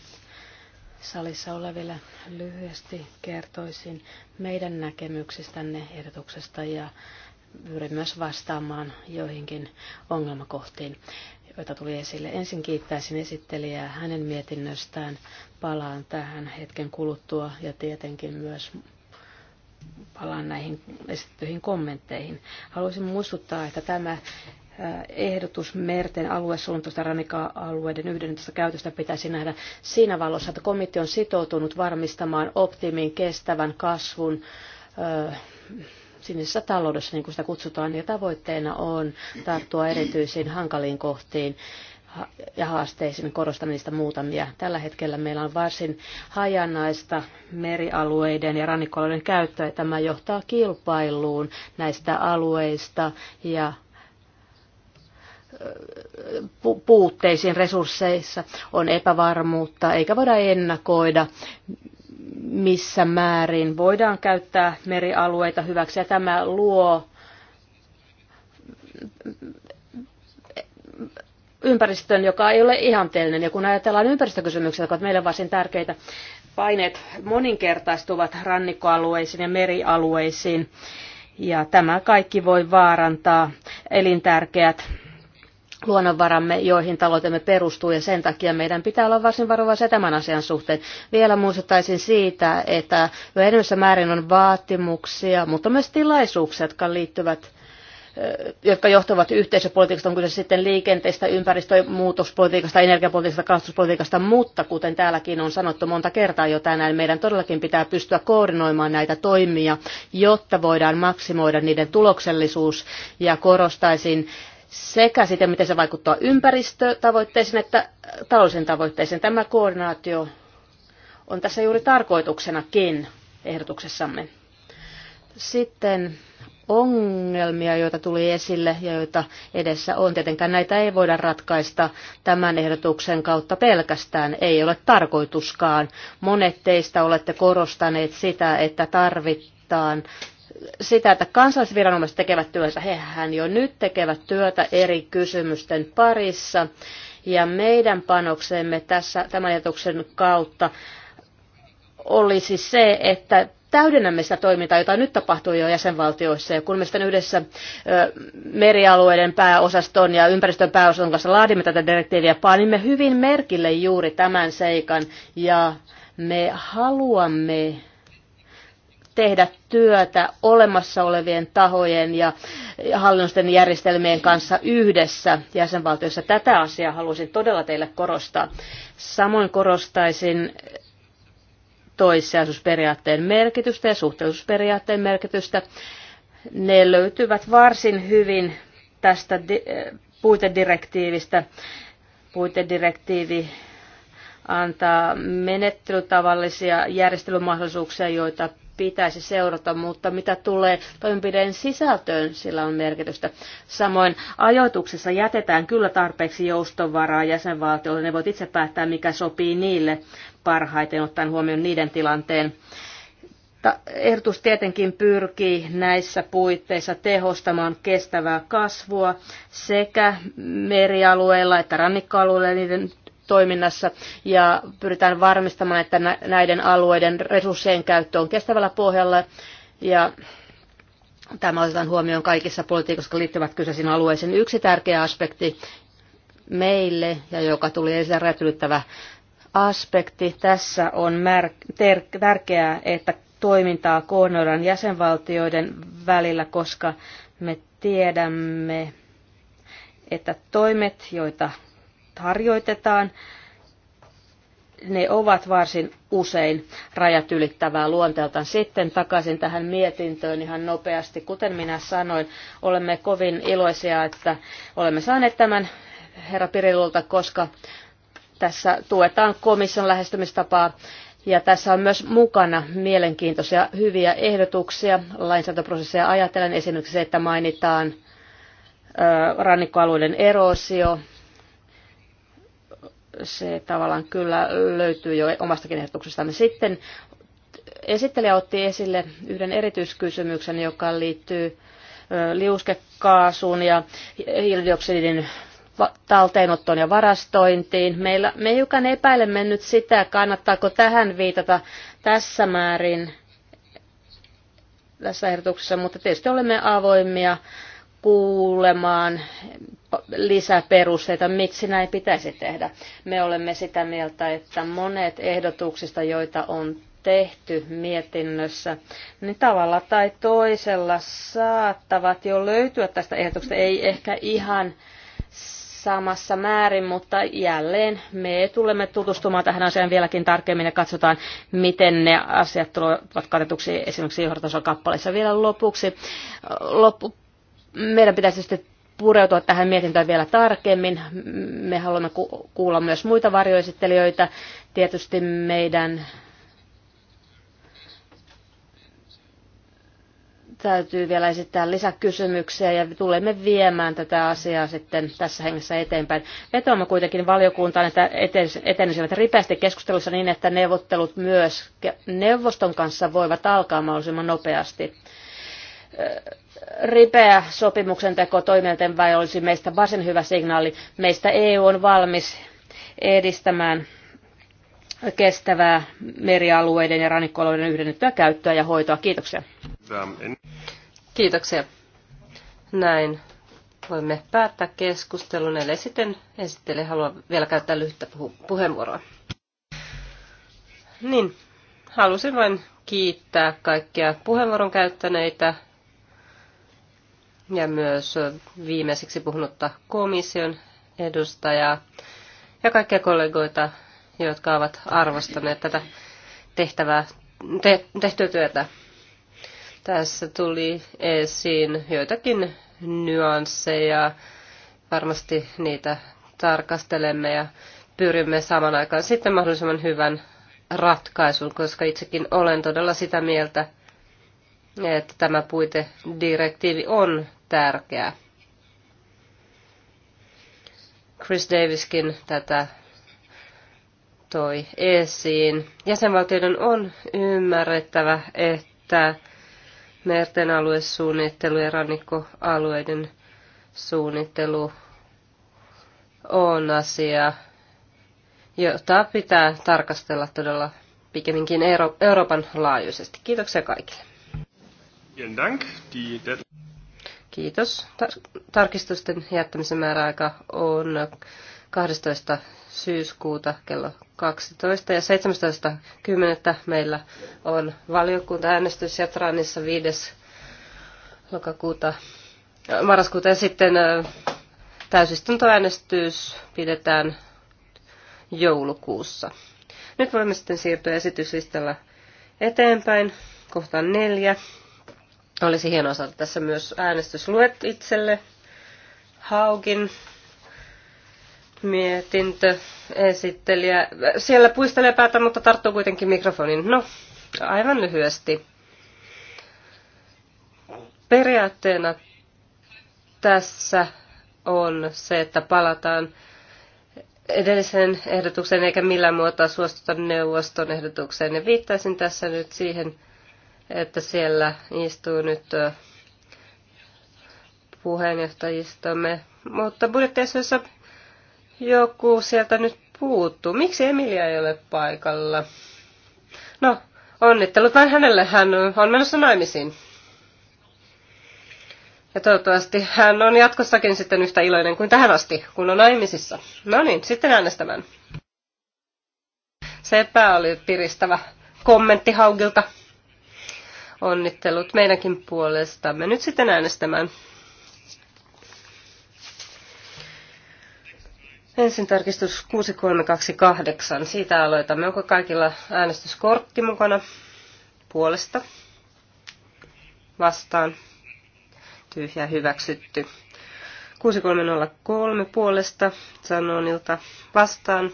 salissa oleville lyhyesti kertoisin meidän näkemyksistänne ehdotuksesta ja pyrin myös vastaamaan joihinkin ongelmakohtiin, joita tuli esille. Ensin kiittäisin esittelijää hänen mietinnöstään. Palaan tähän hetken kuluttua ja tietenkin myös palaan näihin esitettyihin kommentteihin. Haluaisin muistuttaa, että tämä ehdotus merten aluesuunnitusta rannikkoalueiden yhdennetystä käytöstä pitäisi nähdä siinä valossa, että komissio on sitoutunut varmistamaan optimin kestävän kasvun sinisessä taloudessa, niin kuin sitä kutsutaan, ja tavoitteena on tarttua erityisiin hankaliin kohtiin ja haasteisiin, korostan niistä muutamia. Tällä hetkellä meillä on varsin hajanaista merialueiden ja rannikkoalueiden käyttöä, ja tämä johtaa kilpailuun näistä alueista ja puutteisiin resursseissa, on epävarmuutta, eikä voida ennakoida, missä määrin voidaan käyttää merialueita hyväksi. Ja tämä luo ympäristön, joka ei ole ihanteellinen. Ja kun ajatellaan ympäristökysymyksiä, jotka ovat meille varsin tärkeitä, paineet moninkertaistuvat rannikkoalueisiin ja merialueisiin. Ja tämä kaikki voi vaarantaa elintärkeät luonnonvaramme, joihin taloutemme perustuu, ja sen takia meidän pitää olla varsin varovaisia tämän asian suhteen. Vielä muistuttaisin siitä, että jo enemmässä määrin on vaatimuksia, mutta myös tilaisuuksia, jotka liittyvät jotka johtavat yhteisöpolitiikasta, on kyse sitten liikenteestä, ympäristömuutospolitiikasta, energiapolitiikasta, kalastuspolitiikasta, mutta kuten täälläkin on sanottu monta kertaa jo tänään, meidän todellakin pitää pystyä koordinoimaan näitä toimia, jotta voidaan maksimoida niiden tuloksellisuus ja korostaisin sekä sitä, miten se vaikuttaa ympäristötavoitteisiin että äh, talousen tavoitteisiin. Tämä koordinaatio on tässä juuri tarkoituksenakin ehdotuksessamme. Sitten ongelmia, joita tuli esille ja joita edessä on. Tietenkään näitä ei voida ratkaista tämän ehdotuksen kautta pelkästään. Ei ole tarkoituskaan. Monet teistä olette korostaneet sitä, että tarvitaan sitä, että kansallisviranomaiset tekevät työnsä. Hehän jo nyt tekevät työtä eri kysymysten parissa. Ja meidän panoksemme tässä tämän ajatuksen kautta olisi se, että täydennämme sitä toimintaa, jota nyt tapahtuu jo jäsenvaltioissa. Ja kun me sitten yhdessä merialueiden pääosaston ja ympäristön pääosaston kanssa laadimme tätä direktiiviä, panimme hyvin merkille juuri tämän seikan. Ja me haluamme tehdä työtä olemassa olevien tahojen ja hallinnosten järjestelmien kanssa yhdessä jäsenvaltioissa. Tätä asiaa haluaisin todella teille korostaa. Samoin korostaisin toissijaisuusperiaatteen merkitystä ja suhteellisuusperiaatteen merkitystä. Ne löytyvät varsin hyvin tästä puitedirektiivistä. Puitedirektiivi antaa menettelytavallisia järjestelymahdollisuuksia, joita pitäisi seurata, mutta mitä tulee toimenpideen sisältöön, sillä on merkitystä. Samoin ajoituksessa jätetään kyllä tarpeeksi joustovaraa jäsenvaltioille. Ne voivat itse päättää, mikä sopii niille parhaiten, ottaen huomioon niiden tilanteen. Ehdotus tietenkin pyrkii näissä puitteissa tehostamaan kestävää kasvua sekä merialueilla että rannikkoalueilla niiden toiminnassa ja pyritään varmistamaan, että näiden alueiden resurssien käyttö on kestävällä pohjalla ja tämä otetaan huomioon kaikissa politiikassa, jotka liittyvät kyseisiin alueisiin. Yksi tärkeä aspekti meille ja joka tuli esille räätylyttävä aspekti tässä on tärkeää, että toimintaa koordinoidaan jäsenvaltioiden välillä, koska me tiedämme, että toimet, joita harjoitetaan, ne ovat varsin usein rajat ylittävää luonteeltaan. Sitten takaisin tähän mietintöön ihan nopeasti. Kuten minä sanoin, olemme kovin iloisia, että olemme saaneet tämän herra Pirilulta, koska tässä tuetaan komission lähestymistapaa ja tässä on myös mukana mielenkiintoisia hyviä ehdotuksia lainsäädäntöprosesseja ajatellen. Esimerkiksi se, että mainitaan rannikkoalueiden erosio, se tavallaan kyllä löytyy jo omastakin ehdotuksestamme. Sitten esittelijä otti esille yhden erityiskysymyksen, joka liittyy liuskekaasuun ja hiilidioksidin talteenottoon ja varastointiin. Meillä, me hiukan epäilemme nyt sitä, kannattaako tähän viitata tässä määrin tässä ehdotuksessa, mutta tietysti olemme avoimia kuulemaan lisäperusteita, miksi näin pitäisi tehdä. Me olemme sitä mieltä, että monet ehdotuksista, joita on tehty mietinnössä, niin tavalla tai toisella saattavat jo löytyä tästä ehdotuksesta. Ei ehkä ihan samassa määrin, mutta jälleen me tulemme tutustumaan tähän asiaan vieläkin tarkemmin ja katsotaan, miten ne asiat tulevat katetuksi esimerkiksi kappaleissa Vielä lopuksi loppu, meidän pitäisi sitten pureutua tähän mietintöön vielä tarkemmin. Me haluamme ku- kuulla myös muita varjoesittelijöitä. Tietysti meidän täytyy vielä esittää lisäkysymyksiä ja tulemme viemään tätä asiaa sitten tässä hengessä eteenpäin. Vetoamme kuitenkin valiokuntaan, että etenisivät ripeästi keskustelussa niin, että neuvottelut myös neuvoston kanssa voivat alkaa mahdollisimman nopeasti ripeä sopimuksen teko toimijoiden vai olisi meistä varsin hyvä signaali. Meistä EU on valmis edistämään kestävää merialueiden ja rannikkoalueiden yhdennettyä käyttöä ja hoitoa. Kiitoksia. Kiitoksia. Näin voimme päättää keskustelun, ellei sitten esittele halua vielä käyttää lyhyttä puheenvuoroa. Niin, halusin vain kiittää kaikkia puheenvuoron käyttäneitä ja myös viimeiseksi puhunutta komission edustajaa ja kaikkia kollegoita, jotka ovat arvostaneet tätä tehtävää, te, tehtyä työtä. Tässä tuli esiin joitakin nyansseja. Varmasti niitä tarkastelemme ja pyrimme saman aikaan sitten mahdollisimman hyvän ratkaisun, koska itsekin olen todella sitä mieltä, että tämä puitedirektiivi on tärkeä. Chris Daviskin tätä toi esiin. Jäsenvaltioiden on ymmärrettävä, että merten aluesuunnittelu ja rannikkoalueiden suunnittelu on asia, jota pitää tarkastella todella pikemminkin Euro- Euroopan laajuisesti. Kiitoksia kaikille. Dank. Die Kiitos. Tarkistusten jättämisen määräaika on 12. syyskuuta kello 12 ja 17.10. meillä on valiokuntaäänestys Jatranissa 5. lokakuuta, äh, marraskuuta ja sitten äh, täysistuntoäänestys pidetään joulukuussa. Nyt voimme sitten siirtyä esityslistalla eteenpäin kohtaan neljä. Olisi hienoa saada tässä myös äänestysluet itselle. Haukin mietintö esittelijä. Siellä puistelee päätä, mutta tarttuu kuitenkin mikrofonin. No, aivan lyhyesti. Periaatteena tässä on se, että palataan edellisen ehdotuksen eikä millään muotoa suostuta neuvoston ehdotukseen. Ja viittaisin tässä nyt siihen, että siellä istuu nyt puheenjohtajistamme, mutta budjettiasioissa joku sieltä nyt puuttuu. Miksi Emilia ei ole paikalla? No, onnittelut vain hänelle. Hän on menossa naimisiin. Ja toivottavasti hän on jatkossakin sitten yhtä iloinen kuin tähän asti, kun on naimisissa. No niin, sitten äänestämään. Sepä oli piristävä kommentti Haugilta. Onnittelut meidänkin puolestamme. Nyt sitten äänestämään. Ensin tarkistus 6328. Siitä aloitamme. Onko kaikilla äänestyskortti mukana puolesta? Vastaan. Tyhjä hyväksytty. 6303 puolesta Sanonilta vastaan.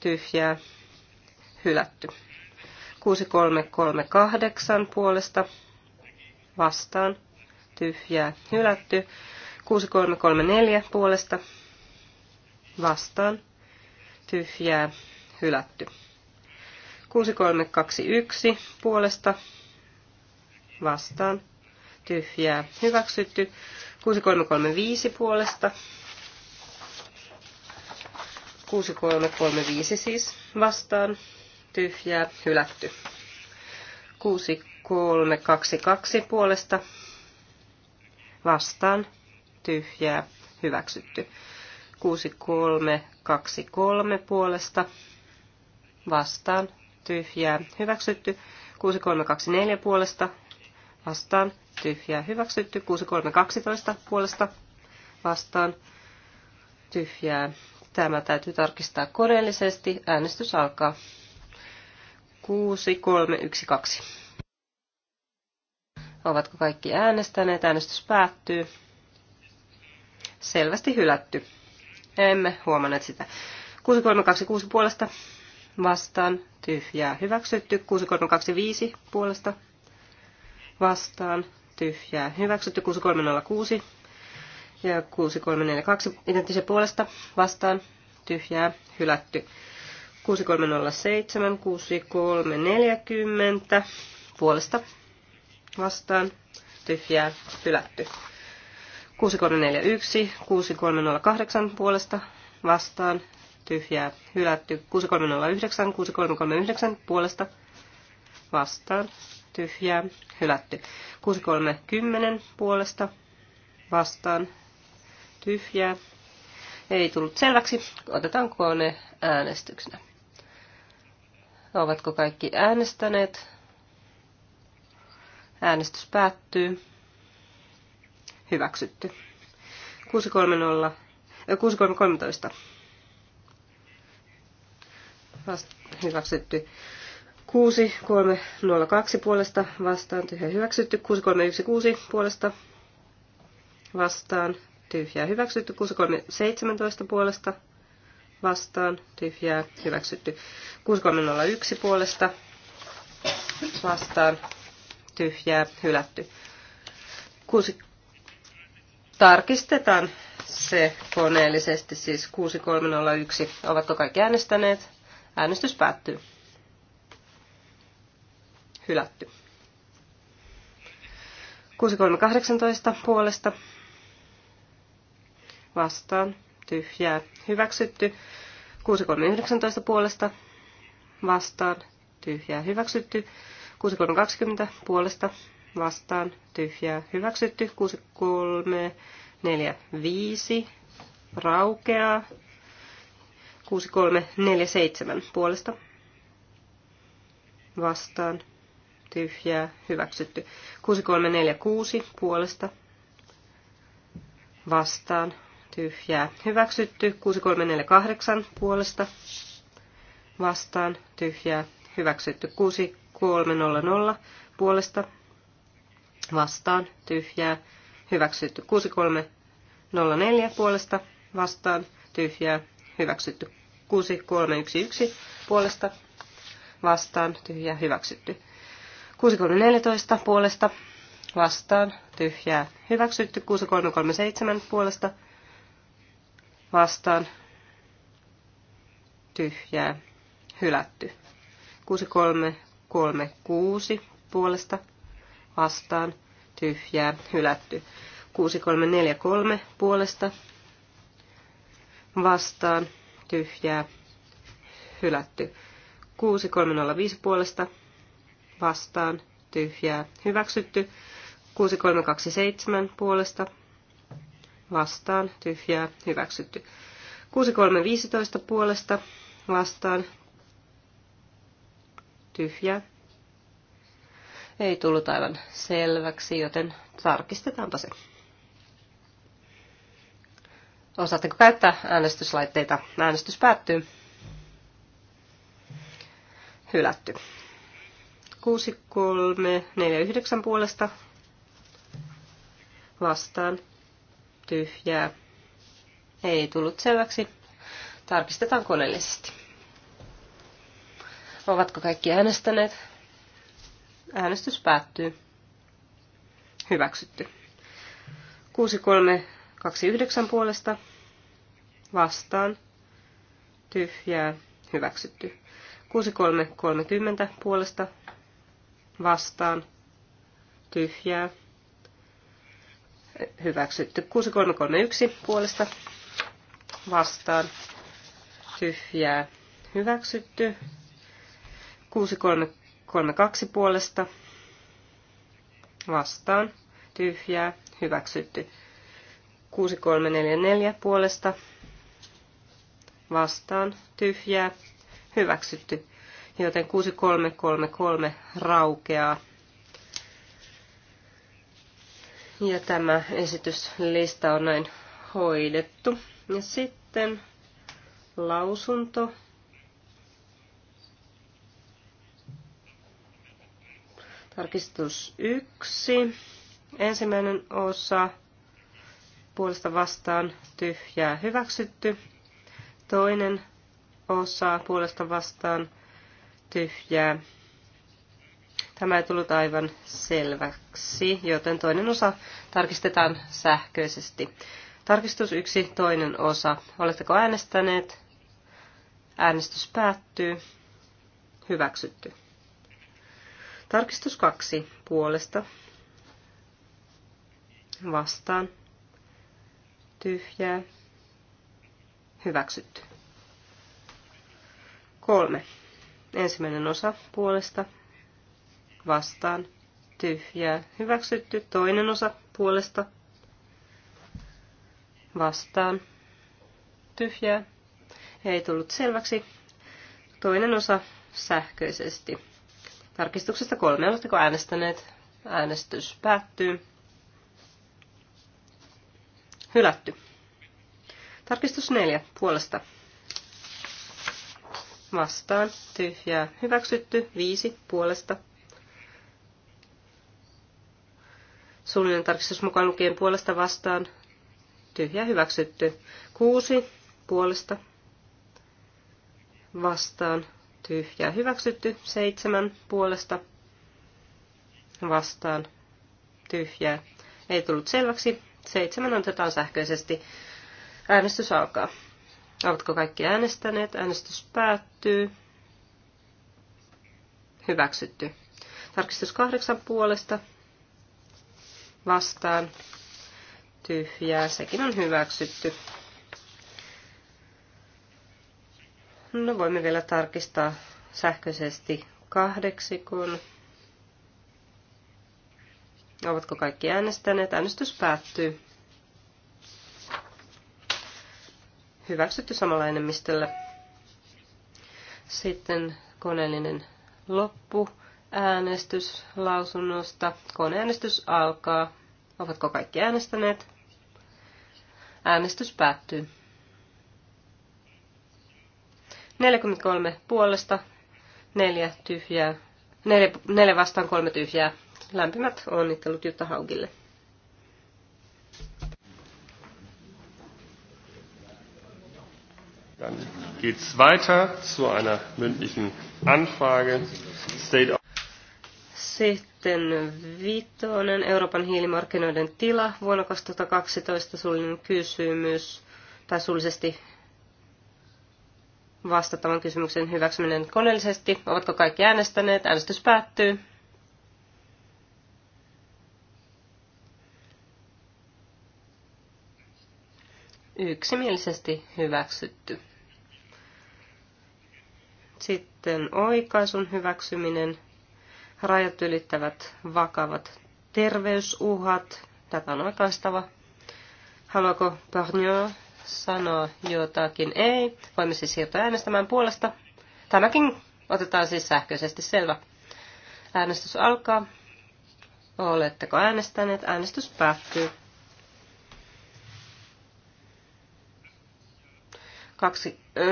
Tyhjää hylätty. 6338 puolesta vastaan tyhjää hylätty. 6334 puolesta vastaan tyhjää hylätty. 6321 puolesta vastaan tyhjää hyväksytty. 6335 puolesta 6335 siis vastaan tyhjää, hylätty. 6322 puolesta vastaan, tyhjää, hyväksytty. 6323 puolesta vastaan, tyhjää, hyväksytty. 6324 puolesta vastaan, tyhjää, hyväksytty. 6312 puolesta vastaan, tyhjää. Tämä täytyy tarkistaa koneellisesti. Äänestys alkaa. 6312. Ovatko kaikki äänestäneet? Äänestys päättyy. Selvästi hylätty. Emme huomanneet sitä. 6326 puolesta vastaan tyhjää hyväksytty. 6325 puolesta vastaan tyhjää hyväksytty. 6306 ja 6342 identtisen puolesta vastaan tyhjää hylätty. 6307, 6340 puolesta vastaan tyhjää hylätty. 6341, 6308 puolesta vastaan tyhjää hylätty. 6309, 6339 puolesta vastaan tyhjää hylätty. 6310 puolesta vastaan tyhjää ei tullut selväksi. Otetaan kone äänestyksenä. Ovatko kaikki äänestäneet? Äänestys päättyy. Hyväksytty. 630, 6313. Äh, hyväksytty. 6302 puolesta vastaan tyhjä hyväksytty. 6316 puolesta vastaan tyhjä hyväksytty. 6317 puolesta vastaan, tyhjää, hyväksytty. 6301 puolesta vastaan, tyhjää, hylätty. Kuusi... Tarkistetaan se koneellisesti, siis 6301. Ovatko kaikki äänestäneet? Äänestys päättyy. Hylätty. 6318 puolesta vastaan, tyhjää hyväksytty. 6319 puolesta vastaan tyhjää hyväksytty. 6320 puolesta vastaan tyhjää hyväksytty. 6345 raukeaa. 6347 puolesta vastaan tyhjää hyväksytty. 6346 puolesta vastaan tyhjää. Hyväksytty 6348 puolesta vastaan tyhjää. Hyväksytty 6300 puolesta vastaan tyhjää. Hyväksytty 6304 puolesta vastaan tyhjää. Hyväksytty 6311 puolesta vastaan tyhjää. Hyväksytty 6314 puolesta vastaan tyhjää. Hyväksytty 6337 puolesta vastaan tyhjää hylätty. 6336 puolesta vastaan tyhjää hylätty. 6343 puolesta vastaan tyhjää hylätty. 6305 puolesta vastaan tyhjää hyväksytty. 6327 puolesta vastaan, tyhjää, hyväksytty. 6315 puolesta vastaan, tyhjää. Ei tullut aivan selväksi, joten tarkistetaanpa se. Osaatteko käyttää äänestyslaitteita? Äänestys päättyy. Hylätty. 6349 puolesta vastaan tyhjää. Ei tullut selväksi. Tarkistetaan koneellisesti. Ovatko kaikki äänestäneet? Äänestys päättyy. Hyväksytty. 6329 puolesta vastaan tyhjää hyväksytty. 6330 puolesta vastaan tyhjää hyväksytty. 6331 puolesta vastaan tyhjää hyväksytty. 6332 puolesta vastaan tyhjää hyväksytty. 6344 puolesta vastaan tyhjää hyväksytty. Joten 6333 raukeaa Ja tämä esityslista on näin hoidettu. Ja sitten lausunto. Tarkistus yksi. Ensimmäinen osa puolesta vastaan tyhjää hyväksytty. Toinen osa puolesta vastaan tyhjää Tämä ei tullut aivan selväksi, joten toinen osa tarkistetaan sähköisesti. Tarkistus yksi, toinen osa. Oletteko äänestäneet? Äänestys päättyy. Hyväksytty. Tarkistus kaksi, puolesta. Vastaan. Tyhjää. Hyväksytty. Kolme. Ensimmäinen osa puolesta vastaan, tyhjää, hyväksytty. Toinen osa puolesta, vastaan, tyhjää. Ei tullut selväksi. Toinen osa sähköisesti. Tarkistuksesta kolme. Oletteko äänestäneet? Äänestys päättyy. Hylätty. Tarkistus neljä. Puolesta. Vastaan. Tyhjää. Hyväksytty. Viisi. Puolesta. Suullinen tarkistus mukaan lukien puolesta vastaan. Tyhjä hyväksytty. Kuusi puolesta vastaan. Tyhjä hyväksytty. Seitsemän puolesta vastaan. Tyhjää. Ei tullut selväksi. Seitsemän otetaan sähköisesti. Äänestys alkaa. Ovatko kaikki äänestäneet? Äänestys päättyy. Hyväksytty. Tarkistus kahdeksan puolesta vastaan tyhjää. Sekin on hyväksytty. No voimme vielä tarkistaa sähköisesti kahdeksi, kun ovatko kaikki äänestäneet. Äänestys päättyy. Hyväksytty samalla enemmistöllä. Sitten koneellinen loppu äänestyslausunnosta. Koneäänestys alkaa. Ovatko kaikki äänestäneet? Äänestys päättyy. 43 puolesta, 4 tyhjää, 4, 4 vastaan 3 tyhjää. Lämpimät onnittelut Jutta Haugille. Dann geht's weiter zu einer mündlichen Anfrage. State of sitten viitonen, Euroopan hiilimarkkinoiden tila vuonna 2012 suullinen kysymys, tai suullisesti vastattavan kysymyksen hyväksyminen koneellisesti. Ovatko kaikki äänestäneet? Äänestys päättyy. Yksimielisesti hyväksytty. Sitten oikaisun hyväksyminen rajat ylittävät vakavat terveysuhat. Tätä on oikeastava. Haluaako Parnio sanoa jotakin? Ei. Voimme siis siirtyä äänestämään puolesta. Tämäkin otetaan siis sähköisesti selvä. Äänestys alkaa. Oletteko äänestäneet? Äänestys päättyy.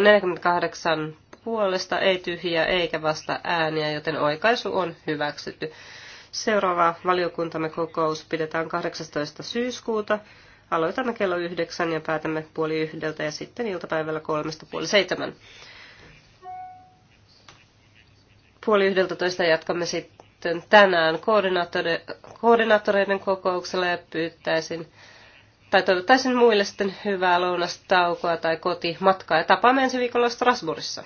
48 puolesta, ei tyhjiä eikä vasta ääniä, joten oikaisu on hyväksytty. Seuraava valiokuntamme kokous pidetään 18. syyskuuta. Aloitamme kello yhdeksän ja päätämme puoli yhdeltä ja sitten iltapäivällä kolmesta puoli seitsemän. Puoli yhdeltä toista jatkamme sitten tänään koordinaattoreiden kokouksella ja pyyttäisin tai toivottaisin muille sitten hyvää lounastaukoa tai kotimatkaa ja tapaamme ensi viikolla Strasbourgissa.